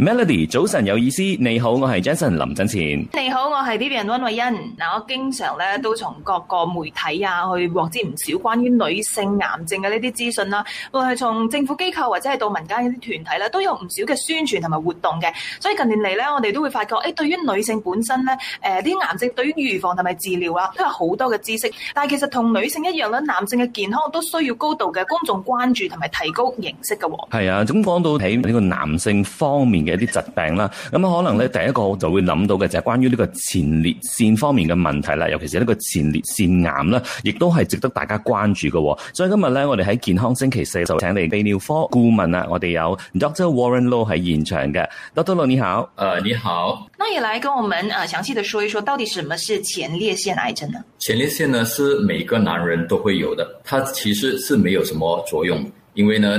Melody，早晨有意思，你好，我係 Jason 林振前。你好，我係 e B 人溫慧欣。嗱，我經常咧都從各個媒體啊，去獲知唔少關於女性癌症嘅呢啲資訊啦，或係從政府機構或者係到民間一啲團體咧、啊，都有唔少嘅宣傳同埋活動嘅。所以近年嚟咧，我哋都會發覺，誒、哎，對於女性本身咧，誒、呃，啲癌症對於預防同埋治療啦、啊，都有好多嘅知識。但係其實同女性一樣咧，男性嘅健康都需要高度嘅公眾關注同埋提高認識嘅。係啊，咁講到起呢個男性方面。有一啲疾病啦，咁可能咧，第一個就會諗到嘅就係關於呢個前列腺方面嘅問題啦，尤其是呢個前列腺癌啦，亦都係值得大家關注嘅、哦。所以今日咧，我哋喺健康星期四就請嚟泌尿科顧問啊，我哋有 Dr. Warren Low 喺現場嘅。Dr. Low 你好，誒、呃、你好。那也來跟我們誒詳細地說一說，到底什麼是前列腺癌症呢？前列腺呢是每個男人都會有的，它其實是沒有什麼作用，因為呢。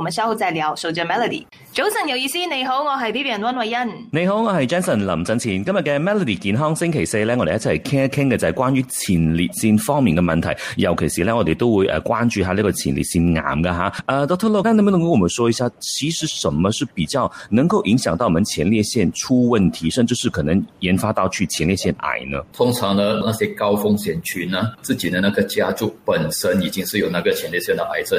我們稍後再聊。收住 Melody。早晨有意思，你好，我係 B B 人溫慧欣。你好，我係 Jason 臨陣前，今日嘅 Melody 健康星期四呢，我哋一齊傾一傾嘅就係關於前列腺方面嘅問題，尤其是呢，我哋都會誒關注下呢個前列腺癌嘅吓。誒、啊、doctor，能唔能夠我今日問我，說一下，其實什麼是比較能夠影響到我們前列腺出問題，甚至是可能研發到去前列腺癌呢？通常呢，那些高風險群呢、啊，自己的那個家族本身已經是有那個前列腺的癌症。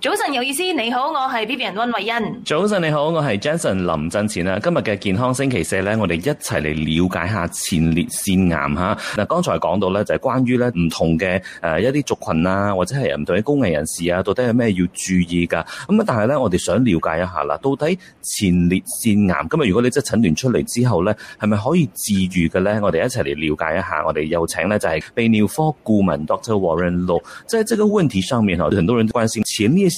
早晨有意思，你好，我係 B B 人溫慧欣。早晨你好，我係 Jason 林振前啦、啊。今日嘅健康星期四咧，我哋一齊嚟了解一下前列腺癌吓。嗱、啊，剛才講到咧就係、是、關於咧唔同嘅誒、呃、一啲族群啊，或者係唔同嘅高危人士啊，到底有咩要注意噶？咁、嗯、啊，但係咧我哋想了解一下啦，到底前列腺癌今日如果你即係診斷出嚟之後咧，係咪可以治癒嘅咧？我哋一齊嚟了解一下。我哋有請咧就係、是、泌尿科顧問 Dr. Warren Law。即係即個問題上面哦，很多人關心前列腺。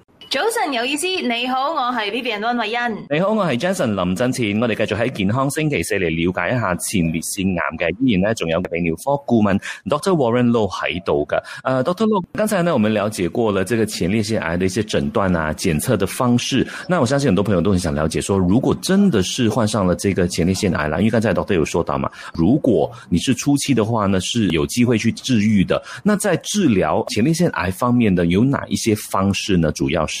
早晨有意思，你好，我係 B B 人温慧欣。你好，我是 Jason 林振前。我哋繼續喺健康星期四嚟了解一下前列腺癌嘅，依然呢還有泌尿科顧問 Doctor Warren Low 喺度噶。Uh, Doctor Low，剛才呢，我們了解過了這個前列腺癌的一些診斷啊、檢測的方式。那我相信很多朋友都很想了解說，說如果真的是患上了這個前列腺癌啦，因為剛才 Doctor 有說到嘛，如果你是初期的話呢，是有機會去治愈的。那在治療前列腺癌方面呢，有哪一些方式呢？主要是。